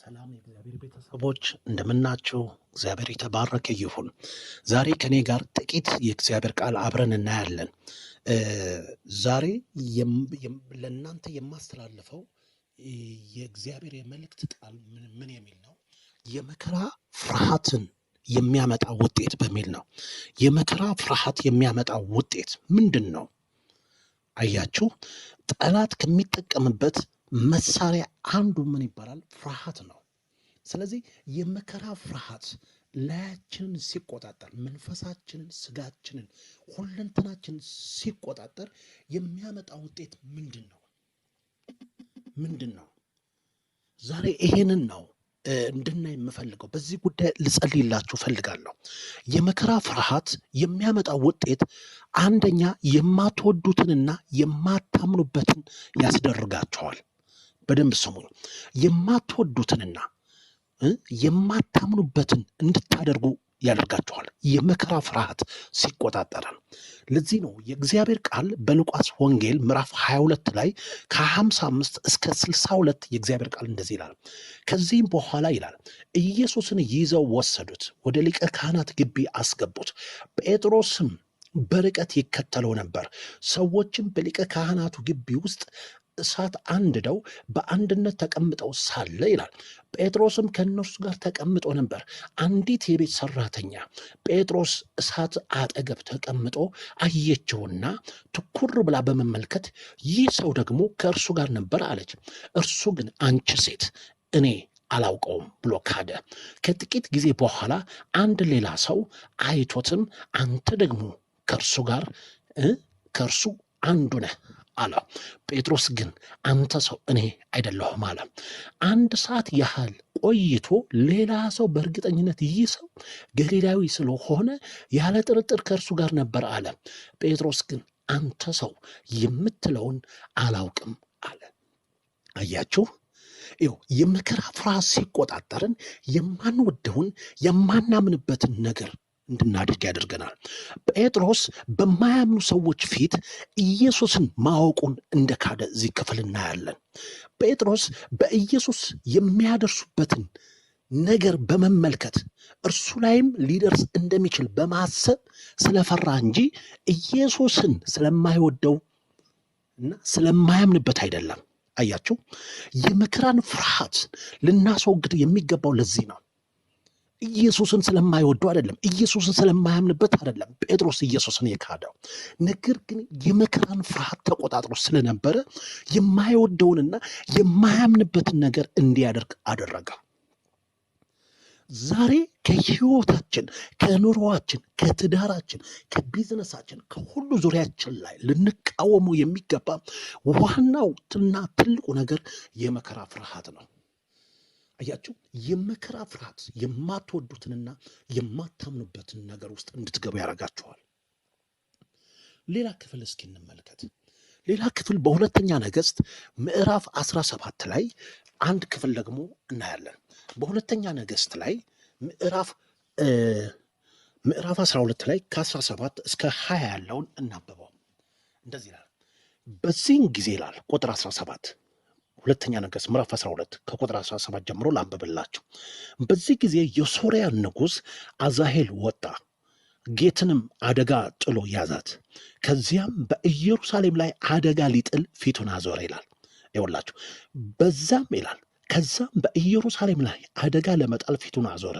ሰላም የእግዚአብሔር ቤተሰቦች እንደምናቸው እግዚአብሔር የተባረከ ይሁን። ዛሬ ከእኔ ጋር ጥቂት የእግዚአብሔር ቃል አብረን እናያለን። ዛሬ ለእናንተ የማስተላልፈው የእግዚአብሔር የመልእክት ቃል ምን የሚል ነው? የመከራ ፍርሃትን የሚያመጣ ውጤት በሚል ነው። የመከራ ፍርሃት የሚያመጣ ውጤት ምንድን ነው? አያችሁ ጠላት ከሚጠቀምበት መሳሪያ አንዱ ምን ይባላል? ፍርሃት ነው። ስለዚህ የመከራ ፍርሃት ላያችንን ሲቆጣጠር መንፈሳችንን፣ ስጋችንን፣ ሁለንተናችንን ሲቆጣጠር የሚያመጣ ውጤት ምንድን ነው? ምንድን ነው? ዛሬ ይሄንን ነው እንድናይ የምፈልገው። በዚህ ጉዳይ ልጸልይላችሁ ፈልጋለሁ። የመከራ ፍርሃት የሚያመጣው ውጤት አንደኛ የማትወዱትንና የማታምኑበትን ያስደርጋቸዋል። በደንብ ስሙኝ። የማትወዱትንና የማታምኑበትን እንድታደርጉ ያደርጋችኋል። የመከራ ፍርሃት ሲቆጣጠረን። ለዚህ ነው የእግዚአብሔር ቃል በሉቃስ ወንጌል ምዕራፍ 22 ላይ ከ55 እስከ 62 የእግዚአብሔር ቃል እንደዚህ ይላል። ከዚህም በኋላ ይላል ኢየሱስን ይዘው ወሰዱት፣ ወደ ሊቀ ካህናት ግቢ አስገቡት። ጴጥሮስም በርቀት ይከተለው ነበር። ሰዎችም በሊቀ ካህናቱ ግቢ ውስጥ እሳት አንድደው በአንድነት ተቀምጠው ሳለ ይላል ጴጥሮስም ከእነርሱ ጋር ተቀምጦ ነበር። አንዲት የቤት ሰራተኛ ጴጥሮስ እሳት አጠገብ ተቀምጦ አየችውና ትኩር ብላ በመመልከት ይህ ሰው ደግሞ ከእርሱ ጋር ነበር አለች። እርሱ ግን አንቺ ሴት እኔ አላውቀውም ብሎ ካደ። ከጥቂት ጊዜ በኋላ አንድ ሌላ ሰው አይቶትም አንተ ደግሞ ከእርሱ ጋር ከእርሱ አንዱ ነህ አለ። ጴጥሮስ ግን አንተ ሰው እኔ አይደለሁም አለ። አንድ ሰዓት ያህል ቆይቶ ሌላ ሰው በእርግጠኝነት ይህ ሰው ገሊላዊ ስለሆነ ያለ ጥርጥር ከእርሱ ጋር ነበር አለ። ጴጥሮስ ግን አንተ ሰው የምትለውን አላውቅም አለ። አያችሁ ይኸው የመከራ ፍርሃት ሲቆጣጠርን የማንወደውን የማናምንበትን ነገር እንድናደርግ ያደርገናል። ጴጥሮስ በማያምኑ ሰዎች ፊት ኢየሱስን ማወቁን እንደካደ እዚህ ክፍል እናያለን። ጴጥሮስ በኢየሱስ የሚያደርሱበትን ነገር በመመልከት እርሱ ላይም ሊደርስ እንደሚችል በማሰብ ስለፈራ እንጂ ኢየሱስን ስለማይወደው እና ስለማያምንበት አይደለም። አያችሁ፣ የመከራን ፍርሃት ልናስወግድ የሚገባው ለዚህ ነው። ኢየሱስን ስለማይወደው አይደለም፣ ኢየሱስን ስለማያምንበት አይደለም ጴጥሮስ ኢየሱስን የካደው። ነገር ግን የመከራን ፍርሃት ተቆጣጥሮ ስለነበረ የማይወደውንና የማያምንበትን ነገር እንዲያደርግ አደረገ። ዛሬ ከህይወታችን፣ ከኑሮዋችን፣ ከትዳራችን፣ ከቢዝነሳችን፣ ከሁሉ ዙሪያችን ላይ ልንቃወመው የሚገባ ዋናውና ትልቁ ነገር የመከራ ፍርሃት ነው። አያችሁ፣ የመከራ ፍርሃት የማትወዱትንና የማታምኑበትን ነገር ውስጥ እንድትገቡ ያደርጋችኋል። ሌላ ክፍል እስኪ እንመልከት። ሌላ ክፍል በሁለተኛ ነገስት ምዕራፍ 17 ላይ አንድ ክፍል ደግሞ እናያለን። በሁለተኛ ነገሥት ላይ ምዕራፍ ምዕራፍ 12 ላይ ከ17 እስከ 20 ያለውን እናብበው። እንደዚህ ይላል። በዚህን ጊዜ ላል ቁጥር 17 ሁለተኛ ነገስ ምዕራፍ 12 ከቁጥር 17 ጀምሮ ላንብብላችሁ። በዚህ ጊዜ የሶርያ ንጉሥ አዛሄል ወጣ፣ ጌትንም አደጋ ጥሎ ያዛት። ከዚያም በኢየሩሳሌም ላይ አደጋ ሊጥል ፊቱን አዞረ ይላል። ይወላችሁ በዛም ይላል ከዛም በኢየሩሳሌም ላይ አደጋ ለመጣል ፊቱን አዞረ።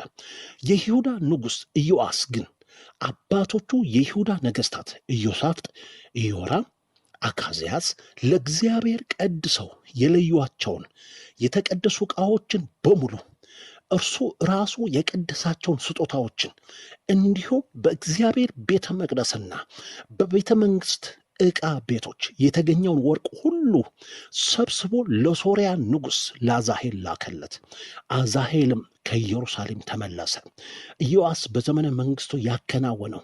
የይሁዳ ንጉሥ ኢዮአስ ግን አባቶቹ የይሁዳ ነገሥታት ኢዮሳፍጥ፣ ኢዮራም አካዝያስ ለእግዚአብሔር ቀድሰው የለዩቸውን የተቀደሱ ዕቃዎችን በሙሉ እርሱ ራሱ የቀደሳቸውን ስጦታዎችን እንዲሁም በእግዚአብሔር ቤተ መቅደስና በቤተ መንግስት ዕቃ ቤቶች የተገኘውን ወርቅ ሁሉ ሰብስቦ ለሶርያ ንጉሥ ለአዛሄል ላከለት። አዛሄልም ከኢየሩሳሌም ተመለሰ። ኢዮአስ በዘመነ መንግስቱ ያከናወነው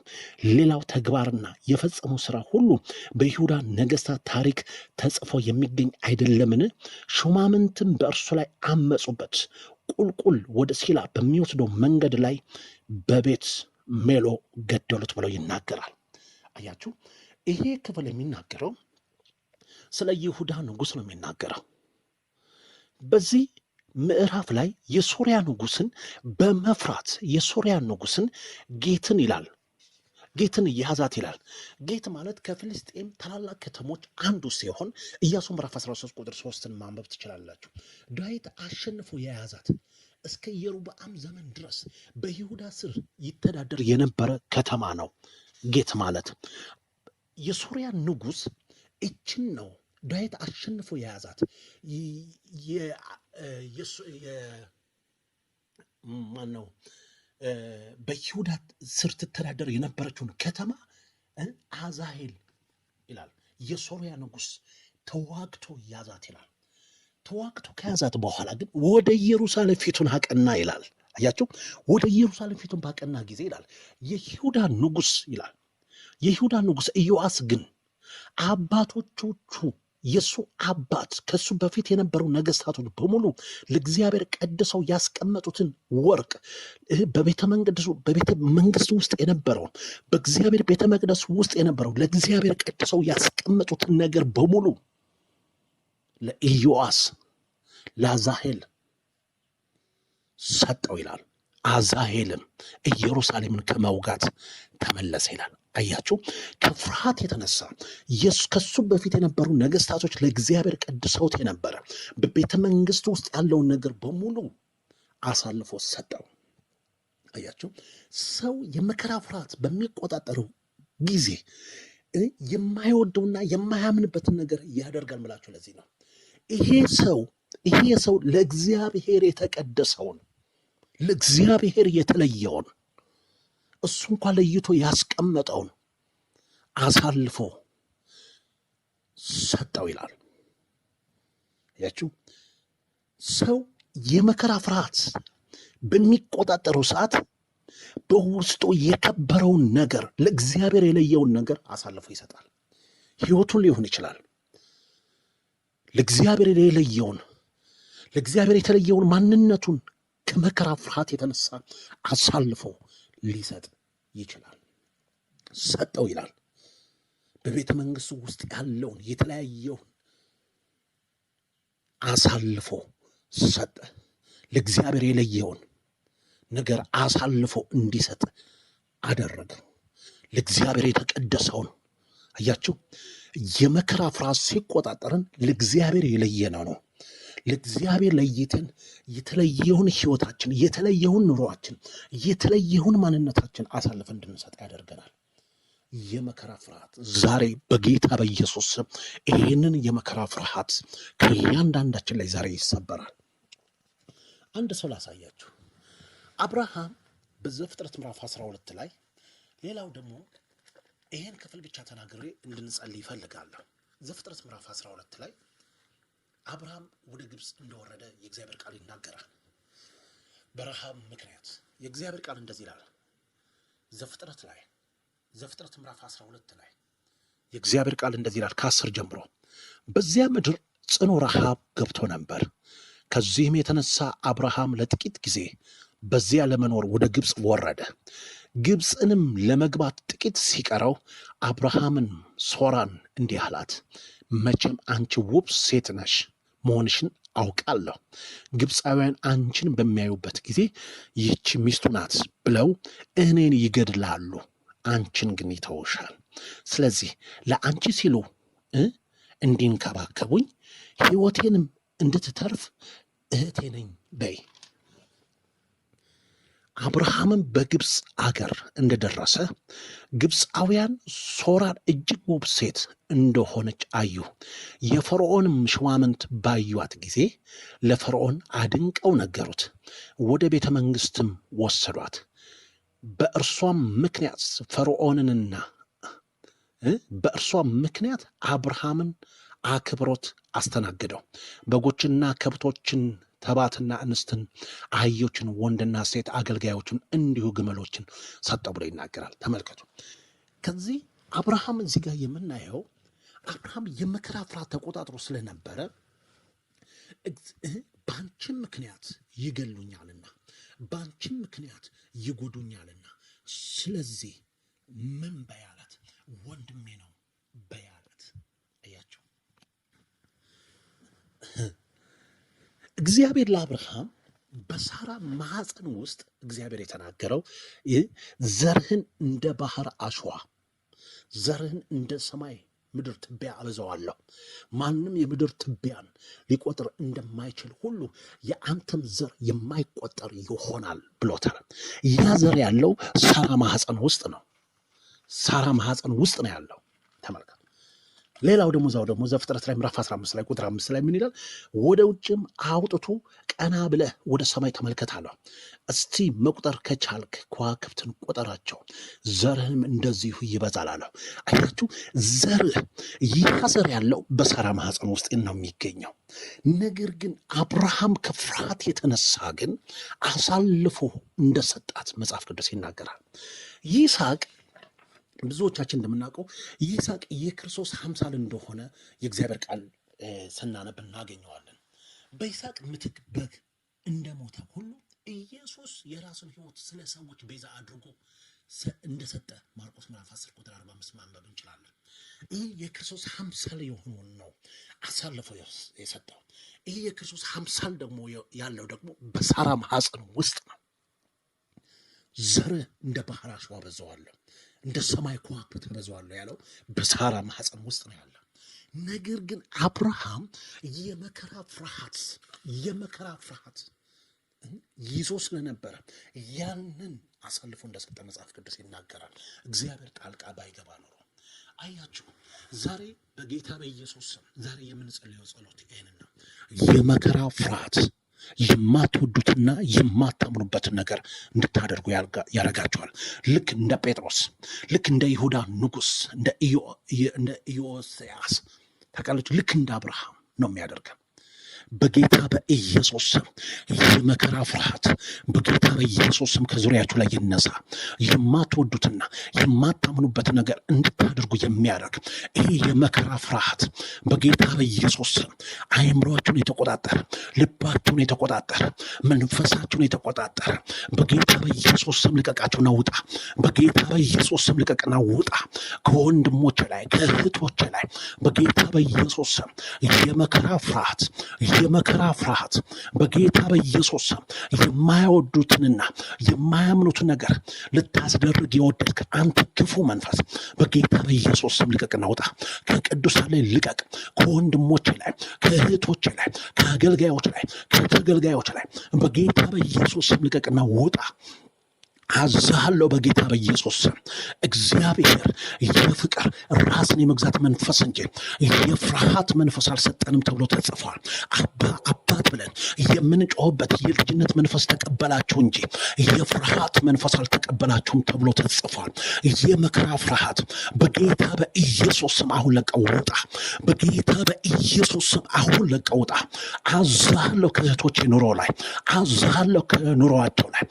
ሌላው ተግባርና የፈጸመው ስራ ሁሉ በይሁዳ ነገስታት ታሪክ ተጽፎ የሚገኝ አይደለምን? ሹማምንትም በእርሱ ላይ አመፁበት። ቁልቁል ወደ ሲላ በሚወስደው መንገድ ላይ በቤት ሜሎ ገደሉት ብለው ይናገራል። አያችሁ ይሄ ክፍል የሚናገረው ስለ ይሁዳ ንጉሥ ነው የሚናገረው። በዚህ ምዕራፍ ላይ የሶሪያ ንጉሥን በመፍራት የሶሪያ ንጉሥን ጌትን ይላል ጌትን እየያዛት ይላል። ጌት ማለት ከፍልስጤም ታላላቅ ከተሞች አንዱ ሲሆን ኢያሱ ምዕራፍ 13 ቁጥር 3 ማንበብ ትችላላችሁ። ዳዊት አሸንፎ የያዛት እስከ የሩብዓም ዘመን ድረስ በይሁዳ ስር ይተዳደር የነበረ ከተማ ነው ጌት ማለት። የሶሪያ ንጉስ እችን ነው ዳዊት አሸንፎ የያዛት። ማን ነው በይሁዳ ስር ትተዳደር የነበረችውን ከተማ አዛሄል ይላል የሶሪያ ንጉስ ተዋግቶ ያዛት ይላል። ተዋግቶ ከያዛት በኋላ ግን ወደ ኢየሩሳሌም ፊቱን አቀና ይላል። አያቸው ወደ ኢየሩሳሌም ፊቱን ባቀና ጊዜ ይላል የይሁዳ ንጉስ ይላል የይሁዳ ንጉሥ ኢዮአስ ግን አባቶቹ የእሱ አባት ከእሱ በፊት የነበሩ ነገስታቶች በሙሉ ለእግዚአብሔር ቀድሰው ያስቀመጡትን ወርቅ በቤተ መንግስቱ በቤተ መንግስቱ ውስጥ የነበረውን በእግዚአብሔር ቤተ መቅደስ ውስጥ የነበረው ለእግዚአብሔር ቀድሰው ያስቀመጡትን ነገር በሙሉ ለኢዮአስ ለአዛሄል ሰጠው ይላል። አዛሄልም ኢየሩሳሌምን ከመውጋት ተመለሰ ይላል። አያችሁ፣ ከፍርሃት የተነሳ ከሱ በፊት የነበሩ ነገስታቶች ለእግዚአብሔር ቀድሰውት የነበረ በቤተ መንግስት ውስጥ ያለውን ነገር በሙሉ አሳልፎ ሰጠው። አያችሁ፣ ሰው የመከራ ፍርሃት በሚቆጣጠረው ጊዜ የማይወደውና የማያምንበትን ነገር ያደርጋል። ምላችሁ ለዚህ ነው ይሄ ሰው ይሄ ሰው ለእግዚአብሔር የተቀደሰውን ለእግዚአብሔር የተለየውን እሱ እንኳ ለይቶ ያስቀመጠውን አሳልፎ ሰጠው ይላል። ያችው ሰው የመከራ ፍርሃት በሚቆጣጠረው ሰዓት በውስጡ የከበረውን ነገር ለእግዚአብሔር የለየውን ነገር አሳልፎ ይሰጣል። ሕይወቱን ሊሆን ይችላል። ለእግዚአብሔር የለየውን ለእግዚአብሔር የተለየውን ማንነቱን ከመከራ ፍርሃት የተነሳ አሳልፎ ሊሰጥ ይችላል። ሰጠው ይላል። በቤተ መንግስቱ ውስጥ ያለውን የተለያየውን አሳልፎ ሰጠ። ለእግዚአብሔር የለየውን ነገር አሳልፎ እንዲሰጥ አደረገ። ለእግዚአብሔር የተቀደሰውን አያችሁ፣ የመከራ ፍርሃት ሲቆጣጠርን ለእግዚአብሔር የለየነው ነው ለእግዚአብሔር ለይተን የተለየውን ህይወታችን፣ የተለየውን ኑሯችን፣ የተለየውን ማንነታችን አሳልፈ እንድንሰጥ ያደርገናል። የመከራ ፍርሃት ዛሬ በጌታ በኢየሱስ ስም ይህንን የመከራ ፍርሃት ከእያንዳንዳችን ላይ ዛሬ ይሰበራል። አንድ ሰው ላሳያችሁ። አብርሃም በዘፍጥረት ምራፍ 12 ላይ ሌላው ደግሞ ይህን ክፍል ብቻ ተናግሬ እንድንጸል ይፈልጋለሁ። ዘፍጥረት ምራፍ 12 ላይ አብርሃም ወደ ግብፅ እንደወረደ የእግዚአብሔር ቃል ይናገራል። በረሃብ ምክንያት የእግዚአብሔር ቃል እንደዚህ ይላል። ዘፍጥረት ላይ ዘፍጥረት ምዕራፍ 12 ላይ የእግዚአብሔር ቃል እንደዚህ ይላል ከአስር ጀምሮ በዚያ ምድር ጽኑ ረሃብ ገብቶ ነበር። ከዚህም የተነሳ አብርሃም ለጥቂት ጊዜ በዚያ ለመኖር ወደ ግብፅ ወረደ። ግብፅንም ለመግባት ጥቂት ሲቀረው አብርሃምን ሶራን እንዲህ አላት፣ መቼም አንቺ ውብ ሴት ነሽ መሆንሽን አውቃለሁ። ግብፃውያን አንቺን በሚያዩበት ጊዜ ይህች ሚስቱ ናት ብለው እኔን ይገድላሉ፣ አንቺን ግን ይተውሻል። ስለዚህ ለአንቺ ሲሉ እንዲንከባከቡኝ ህይወቴንም እንድትተርፍ እህቴ ነኝ በይ። አብርሃምን በግብፅ አገር እንደደረሰ ግብፃውያን ሶራን እጅግ ውብ ሴት እንደሆነች አዩ። የፈርዖንም ሽማምንት ባዩዋት ጊዜ ለፈርዖን አድንቀው ነገሩት። ወደ ቤተ መንግሥትም ወሰዷት። በእርሷም ምክንያት ፈርዖንንና በእርሷም ምክንያት አብርሃምን አክብሮት አስተናግደው በጎችና ከብቶችን ተባትና እንስትን፣ አህዮችን፣ ወንድና ሴት አገልጋዮችን፣ እንዲሁ ግመሎችን ሰጠው ብሎ ይናገራል። ተመልከቱ። ከዚህ አብርሃም እዚህ ጋር የምናየው አብርሃም የመከራ ፍርሃት ተቆጣጥሮ ስለነበረ በአንቺን ምክንያት ይገሉኛልና፣ በአንቺን ምክንያት ይጎዱኛልና፣ ስለዚህ ምን በያላት ወንድሜ ነው በያ እግዚአብሔር ለአብርሃም በሳራ ማህፀን ውስጥ እግዚአብሔር የተናገረው ዘርህን እንደ ባህር አሸዋ ዘርህን እንደ ሰማይ ምድር ትቢያ አበዛዋለሁ፣ ማንም የምድር ትቢያን ሊቆጥር እንደማይችል ሁሉ የአንተም ዘር የማይቆጠር ይሆናል ብሎታል። ያ ዘር ያለው ሳራ ማህፀን ውስጥ ነው። ሳራ ማህፀን ውስጥ ነው ያለው። ተመልከ ሌላው ደግሞ እዛው ደግሞ ዘፍጥረት ላይ ምዕራፍ 15 ላይ ቁጥር 5 ላይ ምን ይላል? ወደ ውጭም አውጥቶ ቀና ብለህ ወደ ሰማይ ተመልከት አለ። እስቲ መቁጠር ከቻልክ ከዋክብትን ቁጠራቸው፣ ዘርህም እንደዚሁ ይበዛል አለ። አያችሁ፣ ዘርህ ይህ ያለው በሳራ ማህፀን ውስጥ ነው የሚገኘው። ነገር ግን አብርሃም ከፍርሃት የተነሳ ግን አሳልፎ እንደሰጣት መጽሐፍ ቅዱስ ይናገራል። ይስሐቅ ብዙዎቻችን እንደምናውቀው ይስሐቅ የክርስቶስ አምሳል እንደሆነ የእግዚአብሔር ቃል ስናነብ እናገኘዋለን። በይስሐቅ ምትክ በግ እንደሞተ ሁሉ ኢየሱስ የራሱን ሕይወት ስለ ሰዎች ቤዛ አድርጎ እንደሰጠ ማርቆስ ምዕራፍ 10 ቁጥር 45 ማንበብ እንችላለን። ይህ የክርስቶስ አምሳል የሆነውን ነው አሳልፎ የሰጠው። ይህ የክርስቶስ አምሳል ደግሞ ያለው ደግሞ በሳራ ማኅፀን ውስጥ ነው። ዘርህ እንደ ባህር አሸዋ አበዛዋለሁ፣ እንደ ሰማይ ከዋክብት አበዛዋለሁ ያለው በሳራ ማህፀን ውስጥ ነው ያለ። ነገር ግን አብርሃም የመከራ ፍርሃት የመከራ ፍርሃት ይዞ ስለነበረ ያንን አሳልፎ እንደሰጠ መጽሐፍ ቅዱስ ይናገራል። እግዚአብሔር ጣልቃ ባይገባ ኖሮ አያችሁ። ዛሬ በጌታ በኢየሱስ ስም ዛሬ የምንጸልየው ጸሎት ይህንን ነው፣ የመከራ ፍርሃት የማትወዱትና የማታምኑበትን ነገር እንድታደርጉ ያደርጋቸዋል ልክ እንደ ጴጥሮስ፣ ልክ እንደ ይሁዳ ንጉስ እንደ ኢዮስያስ ተቃለች። ልክ እንደ አብርሃም ነው የሚያደርገን። በጌታ በኢየሱስ ስም የመከራ ፍርሃት በጌታ በኢየሱስ ስም ከዙሪያችሁ ላይ ይነሳ። የማትወዱትና የማታምኑበት ነገር እንድታደርጉ የሚያደርግ ይሄ የመከራ ፍርሃት በጌታ በኢየሱስ ስም አእምሯችሁን የተቆጣጠረ ልባችሁን የተቆጣጠረ መንፈሳችሁን የተቆጣጠረ በጌታ በኢየሱስ ስም ልቀቃችሁና ውጣ። በጌታ በኢየሱስ ስም ልቀቅና ውጣ። ከወንድሞች ላይ ከእህቶች ላይ በጌታ በኢየሱስ ስም የመከራ ፍርሃት የመከራ ፍርሃት በጌታ በኢየሱስ የማያወዱትንና የማያምኑትን ነገር ልታስደርግ የወደድክ አንተ ክፉ መንፈስ በጌታ በኢየሱስ ስም ልቀቅ፣ ውጣ። ከቅዱሳን ላይ ልቀቅ። ከወንድሞች ላይ፣ ከእህቶች ላይ፣ ከአገልጋዮች ላይ፣ ከተገልጋዮች ላይ በጌታ በኢየሱስ ስም ልቀቅና ውጣ። አዛሃለሁ በጌታ በኢየሱስ ስም። እግዚአብሔር የፍቅር ራስን የመግዛት መንፈስ እንጂ የፍርሃት መንፈስ አልሰጠንም ተብሎ ተጽፏል። አባ አባት ብለን የምንጮህበት የልጅነት መንፈስ ተቀበላችሁ እንጂ የፍርሃት መንፈስ አልተቀበላችሁም ተብሎ ተጽፏል። የመከራ ፍርሃት በጌታ በኢየሱስ ስም አሁን ለቀው ውጣ። በጌታ በኢየሱስ ስም አሁን ለቀው ውጣ። አዛሃለሁ ኑሮ ላይ አዛሃለሁ ከኑሮአቸው ላይ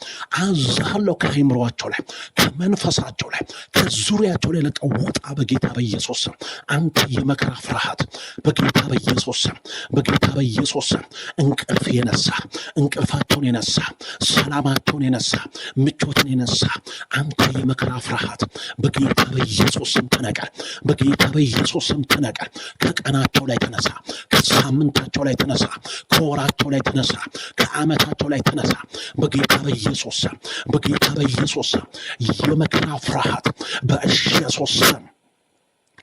አዛሃለሁ ከአእምሯቸው ላይ ከመንፈሳቸው ላይ ከዙሪያቸው ላይ ለቀ ውጣ በጌታ በኢየሱስ አንተ የመከራ ፍርሃት በጌታ በኢየሱስ በጌታ በኢየሱስ እንቅልፍ የነሳ እንቅልፋቸውን የነሳ ሰላማቸውን የነሳ ምቾትን የነሳ አንተ የመከራ ፍርሃት በጌታ በኢየሱስም ተነቀል። በጌታ በኢየሱስም ተነቀል። ከቀናቸው ላይ ተነሳ። ከሳምንታቸው ላይ ተነሳ። ከወራቸው ላይ ተነሳ። ከአመታቸው ላይ ተነሳ። በጌታ በኢየሱስ በጌታ በኢየሱስ የመከራ ፍርሃት በኢየሱስ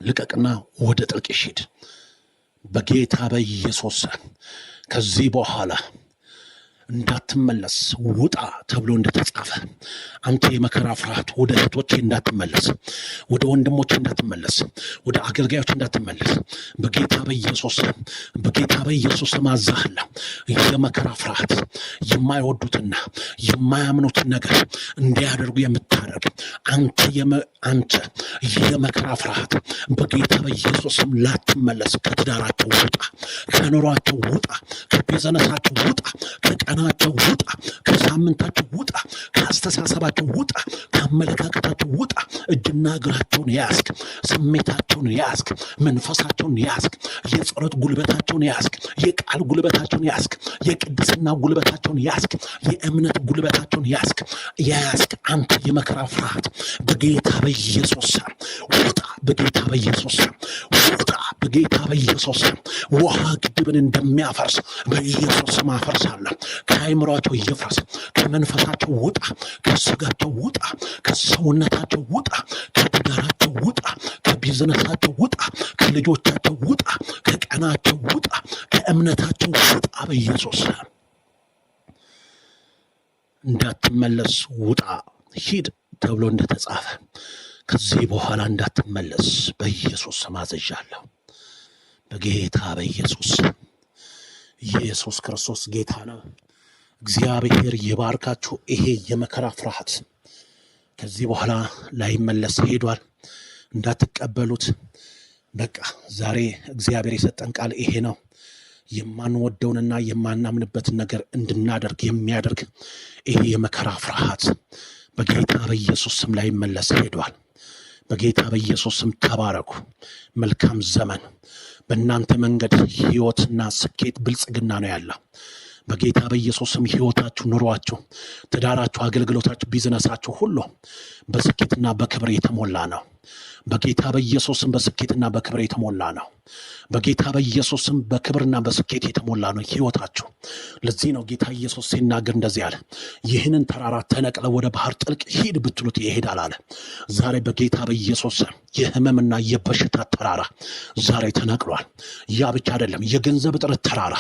ልቀቅና ወደ ጥልቅ ይሂድ በጌታ በኢየሱስ ከዚህ በኋላ እንዳትመለስ ውጣ ተብሎ እንደተጻፈ አንተ የመከራ ፍርሃት ወደ እህቶች እንዳትመለስ፣ ወደ ወንድሞች እንዳትመለስ፣ ወደ አገልጋዮች እንዳትመለስ በጌታ በኢየሱስ በጌታ በኢየሱስ ማዛህላ የመከራ ፍርሃት የማይወዱትና የማያምኑት ነገር እንዲያደርጉ የምታደርግ አንተ አንተ የመከራ ፍርሃት በጌታ በኢየሱስም ላትመለስ፣ ከትዳራቸው ውጣ፣ ከኑሯቸው ውጣ፣ ከቤዘነሳቸው ውጣ፣ ከቀና ከዘመናቸው ውጣ፣ ከሳምንታቸው ውጣ፣ ከአስተሳሰባቸው ውጣ፣ ከአመለካከታቸው ውጣ። እጅና እግራቸውን ያስክ፣ ስሜታቸውን ያስክ፣ መንፈሳቸውን ያስክ፣ የጸሎት ጉልበታቸውን ያስክ፣ የቃል ጉልበታቸውን ያስክ፣ የቅድስና ጉልበታቸውን ያስክ፣ የእምነት ጉልበታቸውን ያስክ፣ ያስክ። አንተ የመከራ ፍርሃት በጌታ በኢየሱስ ውጣ፣ በጌታ በኢየሱስ ውጣ። በጌታ በኢየሱስ ውሃ ግድብን እንደሚያፈርስ በኢየሱስ ስም አፈርሳለሁ። ከአይምሯቸው ይፍረስ፣ ከመንፈሳቸው ውጣ፣ ከስጋቸው ውጣ፣ ከሰውነታቸው ውጣ፣ ከትዳራቸው ውጣ፣ ከቢዝነሳቸው ውጣ፣ ከልጆቻቸው ውጣ፣ ከቀናቸው ውጣ፣ ከእምነታቸው ውጣ። በኢየሱስ እንዳትመለስ ውጣ፣ ሂድ ተብሎ እንደተጻፈ ከዚህ በኋላ እንዳትመለስ በኢየሱስ ስም አዝዣለሁ። በጌታ በኢየሱስ ኢየሱስ ክርስቶስ ጌታ ነው። እግዚአብሔር ይባርካችሁ። ይሄ የመከራ ፍርሃት ከዚህ በኋላ ላይመለስ ሄዷል። እንዳትቀበሉት። በቃ ዛሬ እግዚአብሔር የሰጠን ቃል ይሄ ነው። የማንወደውንና የማናምንበትን ነገር እንድናደርግ የሚያደርግ ይሄ የመከራ ፍርሃት በጌታ በኢየሱስ ስም ላይመለስ ሄዷል። በጌታ በኢየሱስ ስም ተባረኩ። መልካም ዘመን በእናንተ መንገድ ህይወትና ስኬት ብልጽግና ነው ያለው። በጌታ በኢየሱስም ህይወታችሁ፣ ኑሯችሁ፣ ትዳራችሁ፣ አገልግሎታችሁ፣ ቢዝነሳችሁ ሁሉ በስኬትና በክብር የተሞላ ነው። በጌታ በኢየሱስም በስኬትና በክብር የተሞላ ነው። በጌታ በኢየሱስም በክብርና በስኬት የተሞላ ነው ህይወታችሁ። ለዚህ ነው ጌታ ኢየሱስ ሲናገር እንደዚህ አለ፣ ይህንን ተራራ ተነቅለ ወደ ባህር ጥልቅ ሂድ ብትሉት ይሄዳል አለ። ዛሬ በጌታ በኢየሱስ የህመምና የበሽታ ተራራ ዛሬ ተነቅሏል። ያ ብቻ አይደለም፣ የገንዘብ እጥረት ተራራ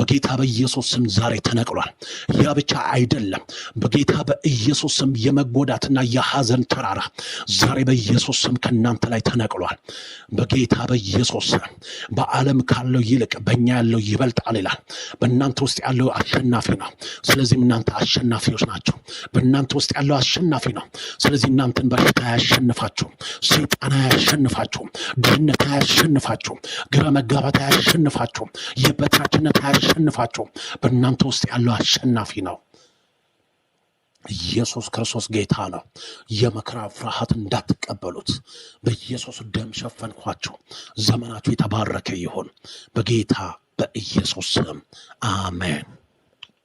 በጌታ በኢየሱስም ዛሬ ተነቅሏል። ያ ብቻ አይደለም፣ በጌታ በኢየሱስም የመጎዳትና የሐዘን ተራራ ዛሬ በኢየሱስም ከእናንተ ላይ ተነቅሏል። በጌታ በኢየሱስ ይላል። በዓለም ካለው ይልቅ በእኛ ያለው ይበልጣል ይላል። በእናንተ ውስጥ ያለው አሸናፊ ነው። ስለዚህም እናንተ አሸናፊዎች ናቸው። በእናንተ ውስጥ ያለው አሸናፊ ነው። ስለዚህ እናንተን በሽታ አያሸንፋችሁም። ሰይጣን አያሸንፋችሁም። ድህነት አያሸንፋችሁም። ግራ መጋባት አያሸንፋችሁም። የበታችነት አያሸንፋችሁም። በእናንተ ውስጥ ያለው አሸናፊ ነው። ኢየሱስ ክርስቶስ ጌታ ነው። የመከራ ፍርሃት እንዳትቀበሉት በኢየሱስ ደም ሸፈንኳችሁ። ዘመናችሁ የተባረከ ይሁን በጌታ በኢየሱስ ስም አሜን።